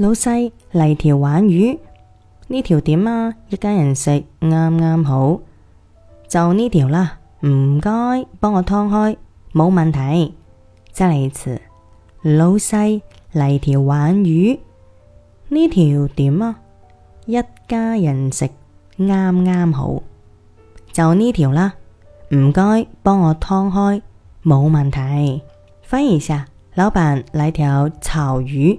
老細，嚟條鯇魚，呢條點啊？一家人食啱啱好，就呢條啦。唔該，幫我劏開，冇問題。再來一次，老細，嚟條鯇魚，呢條點啊？一家人食啱啱好，就呢條啦。唔該，幫我劏開，冇問題。翻譯一下，老闆來條草魚。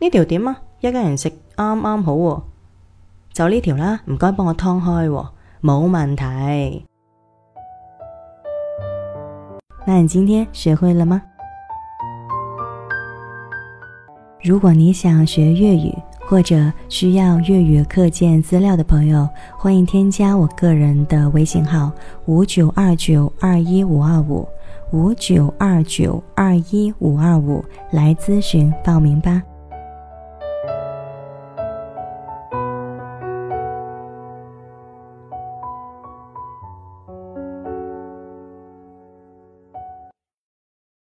呢條點啊？一家人食啱啱好，就呢條啦。唔該，幫我劏開，冇問題。那你今天學會了嗎？如果你想學粵語或者需要粵語課件資料的朋友，歡迎添加我個人的微信號五九二九二一五二五五九二九二一五二五來諮詢報名吧。